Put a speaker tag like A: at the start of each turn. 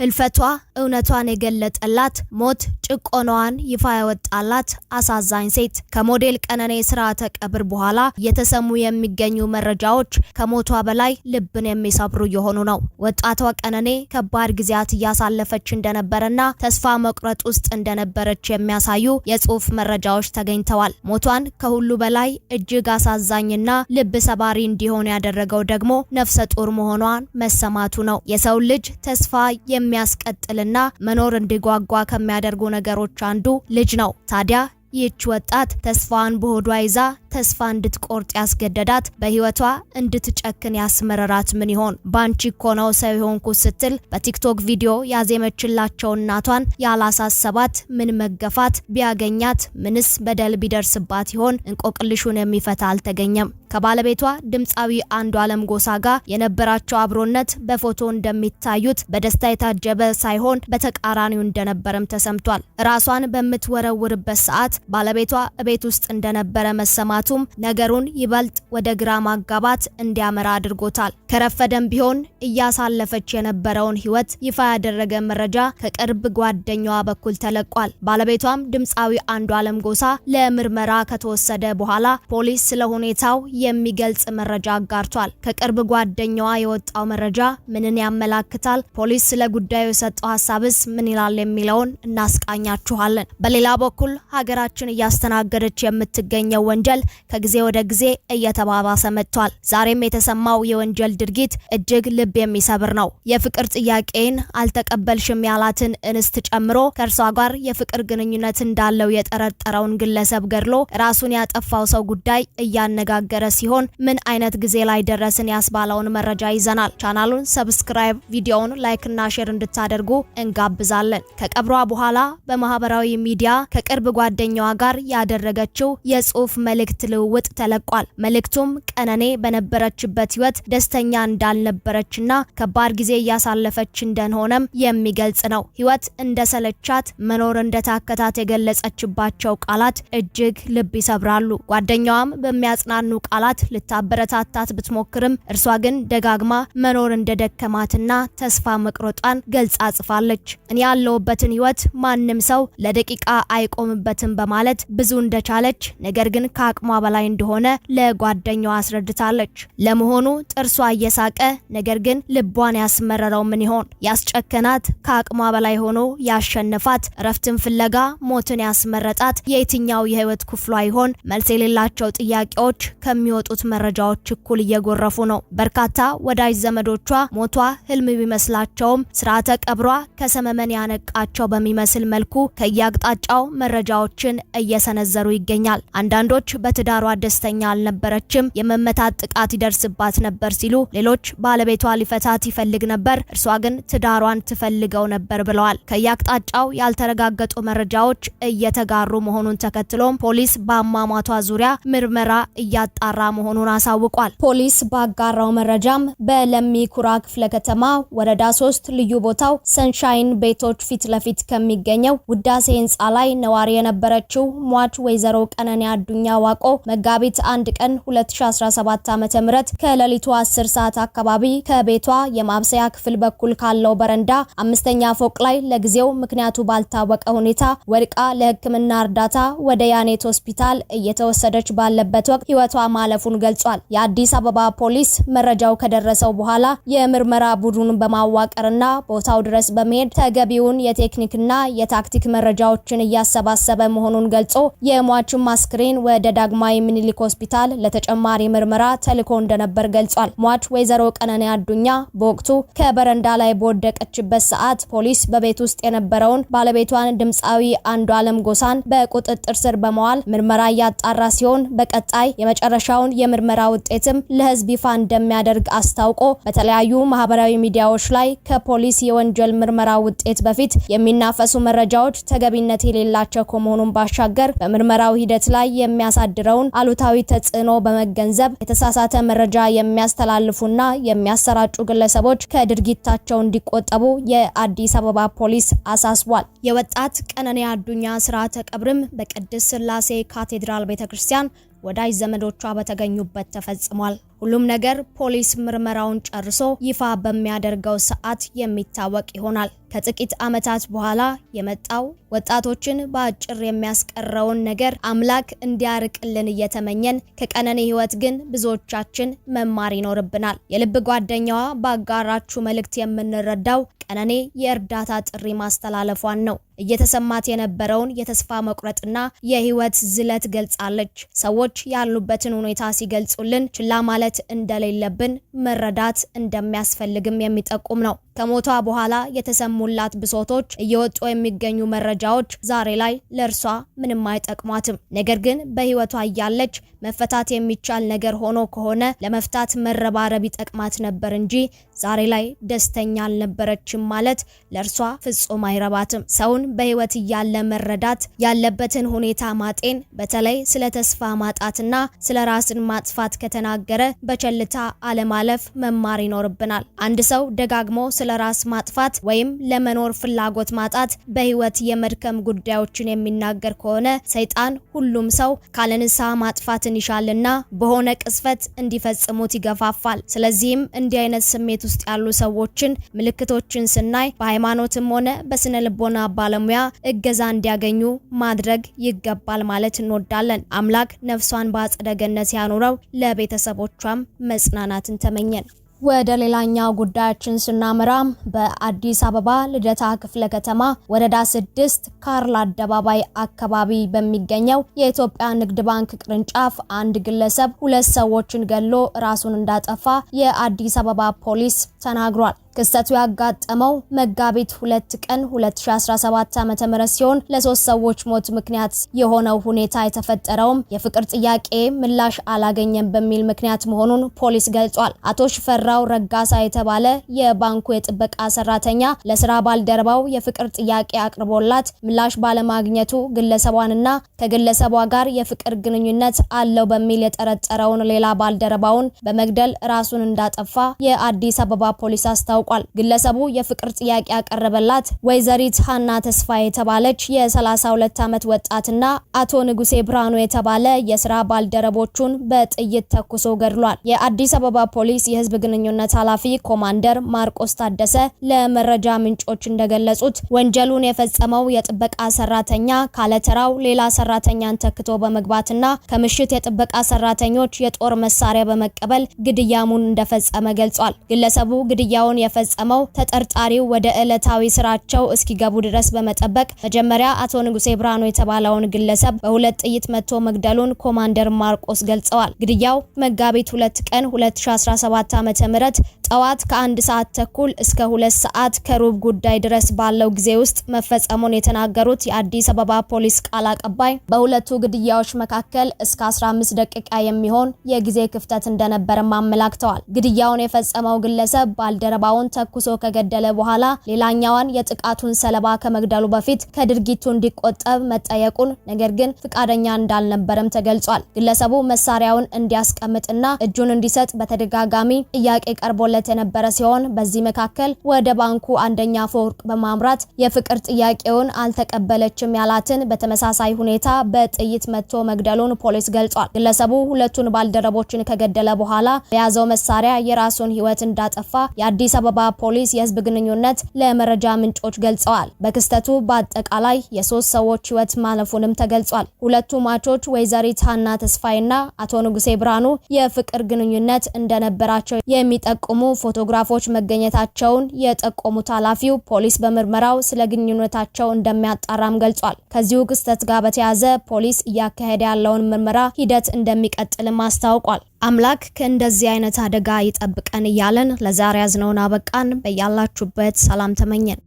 A: ህልፈቷ እውነቷን የገለጠላት ሞት ጭቆናዋን ይፋ ያወጣላት አሳዛኝ ሴት ከሞዴል ቀነኔ ስርዓተ ቀብር በኋላ የተሰሙ የሚገኙ መረጃዎች ከሞቷ በላይ ልብን የሚሰብሩ እየሆኑ ነው። ወጣቷ ቀነኔ ከባድ ጊዜያት እያሳለፈች እንደነበረና ተስፋ መቁረጥ ውስጥ እንደነበረች የሚያሳዩ የጽሁፍ መረጃዎች ተገኝተዋል። ሞቷን ከሁሉ በላይ እጅግ አሳዛኝና ልብ ሰባሪ እንዲሆን ያደረገው ደግሞ ነፍሰ ጡር መሆኗን መሰማቱ ነው። የሰው ልጅ ተስፋ የሚያስቀጥልና መኖር እንዲጓጓ ከሚያደርጉ ነገሮች አንዱ ልጅ ነው። ታዲያ ይህች ወጣት ተስፋዋን በሆዷ ይዛ ተስፋ እንድትቆርጥ ያስገደዳት በህይወቷ እንድትጨክን ያስመረራት ምን ይሆን? ባንቺ እኮ ነው ሰው የሆንኩ ስትል በቲክቶክ ቪዲዮ ያዜመችላቸው እናቷን ያላሳሰባት ምን መገፋት ቢያገኛት ምንስ በደል ቢደርስባት ይሆን? እንቆቅልሹን የሚፈታ አልተገኘም። ከባለቤቷ ድምፃዊ አንዱ አለም ጎሳ ጋር የነበራቸው አብሮነት በፎቶ እንደሚታዩት በደስታ የታጀበ ሳይሆን በተቃራኒው እንደነበረም ተሰምቷል። ራሷን በምትወረውርበት ሰዓት ባለቤቷ እቤት ውስጥ እንደነበረ መሰማቱም ነገሩን ይበልጥ ወደ ግራ ማጋባት እንዲያመራ አድርጎታል። ከረፈደም ቢሆን እያሳለፈች የነበረውን ህይወት ይፋ ያደረገ መረጃ ከቅርብ ጓደኛዋ በኩል ተለቋል። ባለቤቷም ድምፃዊ አንዱ አለም ጎሳ ለምርመራ ከተወሰደ በኋላ ፖሊስ ስለ ሁኔታው የሚገልጽ መረጃ አጋርቷል። ከቅርብ ጓደኛዋ የወጣው መረጃ ምንን ያመላክታል? ፖሊስ ስለ ጉዳዩ የሰጠው ሀሳብስ ምን ይላል? የሚለውን እናስቃኛችኋለን። በሌላ በኩል ሀገራችን እያስተናገደች የምትገኘው ወንጀል ከጊዜ ወደ ጊዜ እየተባባሰ መጥቷል። ዛሬም የተሰማው የወንጀል ድርጊት እጅግ ልብ የሚሰብር ነው። የፍቅር ጥያቄን አልተቀበልሽም ያላትን እንስት ጨምሮ ከእርሷ ጋር የፍቅር ግንኙነት እንዳለው የጠረጠረውን ግለሰብ ገድሎ ራሱን ያጠፋው ሰው ጉዳይ እያነጋገረ ሲሆን ምን አይነት ጊዜ ላይ ደረስን ያስባለውን መረጃ ይዘናል። ቻናሉን ሰብስክራይብ፣ ቪዲዮውን ላይክና ሼር እንድታደርጉ እንጋብዛለን። ከቀብሯ በኋላ በማህበራዊ ሚዲያ ከቅርብ ጓደኛዋ ጋር ያደረገችው የጽሁፍ መልእክት ልውውጥ ተለቋል። መልእክቱም ቀነኔ በነበረችበት ህይወት ደስተኛ እንዳልነበረችና ከባድ ጊዜ እያሳለፈች እንደሆነም የሚገልጽ ነው። ህይወት እንደሰለቻት መኖር እንደታከታት የገለጸችባቸው ቃላት እጅግ ልብ ይሰብራሉ። ጓደኛዋም በሚያጽናኑ ቃላት በቃላት ልታበረታታት ብትሞክርም እርሷ ግን ደጋግማ መኖር እንደደከማትና ተስፋ መቁረጧን ገልጻ ጽፋለች። እኔ ያለውበትን ህይወት ማንም ሰው ለደቂቃ አይቆምበትም በማለት ብዙ እንደቻለች ነገር ግን ከአቅሟ በላይ እንደሆነ ለጓደኛዋ አስረድታለች። ለመሆኑ ጥርሷ እየሳቀ ነገር ግን ልቧን ያስመረረው ምን ይሆን? ያስጨከናት፣ ከአቅሟ በላይ ሆኖ ያሸነፋት፣ እረፍትን ፍለጋ ሞትን ያስመረጣት የየትኛው የህይወት ክፍሏ ይሆን? መልስ የሌላቸው ጥያቄዎች ከሚ የሚወጡት መረጃዎች እኩል እየጎረፉ ነው። በርካታ ወዳጅ ዘመዶቿ ሞቷ ህልም ቢመስላቸውም ስርዓተ ቀብሯ ከሰመመን ያነቃቸው በሚመስል መልኩ ከየአቅጣጫው መረጃዎችን እየሰነዘሩ ይገኛል። አንዳንዶች በትዳሯ ደስተኛ አልነበረችም፣ የመመታት ጥቃት ይደርስባት ነበር ሲሉ፣ ሌሎች ባለቤቷ ሊፈታት ይፈልግ ነበር፣ እርሷ ግን ትዳሯን ትፈልገው ነበር ብለዋል። ከየአቅጣጫው ያልተረጋገጡ መረጃዎች እየተጋሩ መሆኑን ተከትሎም ፖሊስ በአሟሟቷ ዙሪያ ምርመራ እያጣ እየተጣራ መሆኑን አሳውቋል። ፖሊስ ባጋራው መረጃም በለሚ ኩራ ክፍለ ከተማ ወረዳ ሶስት ልዩ ቦታው ሰንሻይን ቤቶች ፊት ለፊት ከሚገኘው ውዳሴ ህንፃ ላይ ነዋሪ የነበረችው ሟች ወይዘሮ ቀነኔ አዱኛ ዋቆ መጋቢት አንድ ቀን 2017 ዓ.ም ከሌሊቱ 10 ሰዓት አካባቢ ከቤቷ የማብሰያ ክፍል በኩል ካለው በረንዳ አምስተኛ ፎቅ ላይ ለጊዜው ምክንያቱ ባልታወቀ ሁኔታ ወድቃ ለሕክምና እርዳታ ወደ ያኔት ሆስፒታል እየተወሰደች ባለበት ወቅት ህይወቷ ማለፉን ገልጿል። የአዲስ አበባ ፖሊስ መረጃው ከደረሰው በኋላ የምርመራ ቡድኑን በማዋቀርና ቦታው ድረስ በመሄድ ተገቢውን የቴክኒክና የታክቲክ መረጃዎችን እያሰባሰበ መሆኑን ገልጾ የሟችን አስክሬን ወደ ዳግማዊ ምኒልክ ሆስፒታል ለተጨማሪ ምርመራ ተልኮ እንደነበር ገልጿል። ሟች ወይዘሮ ቀነኔ አዱኛ በወቅቱ ከበረንዳ ላይ በወደቀችበት ሰዓት ፖሊስ በቤት ውስጥ የነበረውን ባለቤቷን ድምፃዊ አንዱ አለም ጎሳን በቁጥጥር ስር በመዋል ምርመራ እያጣራ ሲሆን በቀጣይ የመጨረሻ የመጨረሻውን የምርመራ ውጤትም ለህዝብ ይፋ እንደሚያደርግ አስታውቆ በተለያዩ ማህበራዊ ሚዲያዎች ላይ ከፖሊስ የወንጀል ምርመራ ውጤት በፊት የሚናፈሱ መረጃዎች ተገቢነት የሌላቸው ከመሆኑን ባሻገር በምርመራው ሂደት ላይ የሚያሳድረውን አሉታዊ ተጽዕኖ በመገንዘብ የተሳሳተ መረጃ የሚያስተላልፉና የሚያሰራጩ ግለሰቦች ከድርጊታቸው እንዲቆጠቡ የአዲስ አበባ ፖሊስ አሳስቧል። የወጣት ቀነኔ አዱኛ ስርዓተ ቀብርም በቅድስት ስላሴ ካቴድራል ቤተክርስቲያን ወዳጅ ዘመዶቿ በተገኙበት ተፈጽሟል። ሁሉም ነገር ፖሊስ ምርመራውን ጨርሶ ይፋ በሚያደርገው ሰዓት የሚታወቅ ይሆናል። ከጥቂት ዓመታት በኋላ የመጣው ወጣቶችን በአጭር የሚያስቀረውን ነገር አምላክ እንዲያርቅልን እየተመኘን ከቀነኒ ሕይወት ግን ብዙዎቻችን መማር ይኖርብናል። የልብ ጓደኛዋ በአጋራችሁ መልእክት የምንረዳው ቀነኒ የእርዳታ ጥሪ ማስተላለፏን ነው። እየተሰማት የነበረውን የተስፋ መቁረጥና የሕይወት ዝለት ገልጻለች። ሰዎች ያሉበትን ሁኔታ ሲገልጹልን ችላ ማለት መተቸት እንደሌለብን መረዳት እንደሚያስፈልግም የሚጠቁም ነው። ከሞቷ በኋላ የተሰሙላት ብሶቶች፣ እየወጡ የሚገኙ መረጃዎች ዛሬ ላይ ለእርሷ ምንም አይጠቅሟትም። ነገር ግን በህይወቷ እያለች መፈታት የሚቻል ነገር ሆኖ ከሆነ ለመፍታት መረባረብ ይጠቅማት ነበር እንጂ ዛሬ ላይ ደስተኛ አልነበረችም ማለት ለእርሷ ፍጹም አይረባትም። ሰውን በህይወት እያለ መረዳት፣ ያለበትን ሁኔታ ማጤን፣ በተለይ ስለ ተስፋ ማጣትና ስለ ራስን ማጥፋት ከተናገረ በቸልታ አለማለፍ መማር ይኖርብናል። አንድ ሰው ደጋግሞ ስለ ራስ ማጥፋት ወይም ለመኖር ፍላጎት ማጣት በህይወት የመድከም ጉዳዮችን የሚናገር ከሆነ ሰይጣን ሁሉም ሰው ካለንሳ ማጥፋትን ይሻልና በሆነ ቅስፈት እንዲፈጽሙት ይገፋፋል። ስለዚህም እንዲህ አይነት ስሜት ውስጥ ያሉ ሰዎችን ምልክቶችን ስናይ በሃይማኖትም ሆነ በስነ ልቦና ባለሙያ እገዛ እንዲያገኙ ማድረግ ይገባል ማለት እንወዳለን። አምላክ ነፍሷን በአጸደ ገነት ያኑረው ለቤተሰቦች በልጆቿም መጽናናትን ተመኘን። ወደ ሌላኛው ጉዳያችን ስናመራም በአዲስ አበባ ልደታ ክፍለ ከተማ ወረዳ ስድስት ካርል አደባባይ አካባቢ በሚገኘው የኢትዮጵያ ንግድ ባንክ ቅርንጫፍ አንድ ግለሰብ ሁለት ሰዎችን ገሎ ራሱን እንዳጠፋ የአዲስ አበባ ፖሊስ ተናግሯል። ክስተቱ ያጋጠመው መጋቢት ሁለት ቀን 2017 ዓ.ም ሲሆን ለሶስት ሰዎች ሞት ምክንያት የሆነው ሁኔታ የተፈጠረውም የፍቅር ጥያቄ ምላሽ አላገኘም በሚል ምክንያት መሆኑን ፖሊስ ገልጿል። አቶ ሽፈራው ረጋሳ የተባለ የባንኩ የጥበቃ ሰራተኛ ለስራ ባልደረባው የፍቅር ጥያቄ አቅርቦላት ምላሽ ባለማግኘቱ ግለሰቧንና ከግለሰቧ ጋር የፍቅር ግንኙነት አለው በሚል የጠረጠረውን ሌላ ባልደረባውን በመግደል ራሱን እንዳጠፋ የአዲስ አበባ ፖሊስ አስታው ታውቋል። ግለሰቡ የፍቅር ጥያቄ ያቀረበላት ወይዘሪት ሀና ተስፋ የተባለች የ32 ዓመት ወጣትና አቶ ንጉሴ ብርሃኑ የተባለ የስራ ባልደረቦቹን በጥይት ተኩሶ ገድሏል። የአዲስ አበባ ፖሊስ የህዝብ ግንኙነት ኃላፊ ኮማንደር ማርቆስ ታደሰ ለመረጃ ምንጮች እንደገለጹት ወንጀሉን የፈጸመው የጥበቃ ሰራተኛ ካለተራው ሌላ ሰራተኛን ተክቶ በመግባትና ከምሽት የጥበቃ ሰራተኞች የጦር መሳሪያ በመቀበል ግድያሙን እንደፈጸመ ገልጿል። ግለሰቡ ግድያውን የፈጸመው ተጠርጣሪው ወደ ዕለታዊ ስራቸው እስኪገቡ ድረስ በመጠበቅ መጀመሪያ አቶ ንጉሴ ብርሃኑ የተባለውን ግለሰብ በሁለት ጥይት መጥቶ መግደሉን ኮማንደር ማርቆስ ገልጸዋል። ግድያው መጋቢት ሁለት ቀን 2017 ዓ.ም ጠዋት ከአንድ ሰዓት ተኩል እስከ ሁለት ሰዓት ከሩብ ጉዳይ ድረስ ባለው ጊዜ ውስጥ መፈጸሙን የተናገሩት የአዲስ አበባ ፖሊስ ቃል አቀባይ በሁለቱ ግድያዎች መካከል እስከ 15 ደቂቃ የሚሆን የጊዜ ክፍተት እንደነበርም አመላክተዋል። ግድያውን የፈጸመው ግለሰብ ባልደረባውን አንደኛውን ተኩሶ ከገደለ በኋላ ሌላኛዋን የጥቃቱን ሰለባ ከመግደሉ በፊት ከድርጊቱ እንዲቆጠብ መጠየቁን ነገር ግን ፍቃደኛ እንዳልነበረም ተገልጿል። ግለሰቡ መሳሪያውን እንዲያስቀምጥና እጁን እንዲሰጥ በተደጋጋሚ ጥያቄ ቀርቦለት የነበረ ሲሆን በዚህ መካከል ወደ ባንኩ አንደኛ ፎቅ በማምራት የፍቅር ጥያቄውን አልተቀበለችም ያላትን በተመሳሳይ ሁኔታ በጥይት መጥቶ መግደሉን ፖሊስ ገልጿል። ግለሰቡ ሁለቱን ባልደረቦችን ከገደለ በኋላ በያዘው መሳሪያ የራሱን ሕይወት እንዳጠፋ የአዲስ አበባ የአበባ ፖሊስ የህዝብ ግንኙነት ለመረጃ ምንጮች ገልጸዋል። በክስተቱ በአጠቃላይ የሶስት ሰዎች ህይወት ማለፉንም ተገልጿል። ሁለቱ ማቾች ወይዘሪት ሀና ተስፋዬና አቶ ንጉሴ ብርሃኑ የፍቅር ግንኙነት እንደነበራቸው የሚጠቁሙ ፎቶግራፎች መገኘታቸውን የጠቆሙት ኃላፊው ፖሊስ በምርመራው ስለ ግንኙነታቸው እንደሚያጣራም ገልጿል። ከዚሁ ክስተት ጋር በተያያዘ ፖሊስ እያካሄደ ያለውን ምርመራ ሂደት እንደሚቀጥልም አስታውቋል። አምላክ ከእንደዚህ አይነት አደጋ ይጠብቀን እያለን ለዛሬ ያዝነውን አበቃን። በያላችሁበት ሰላም ተመኘን።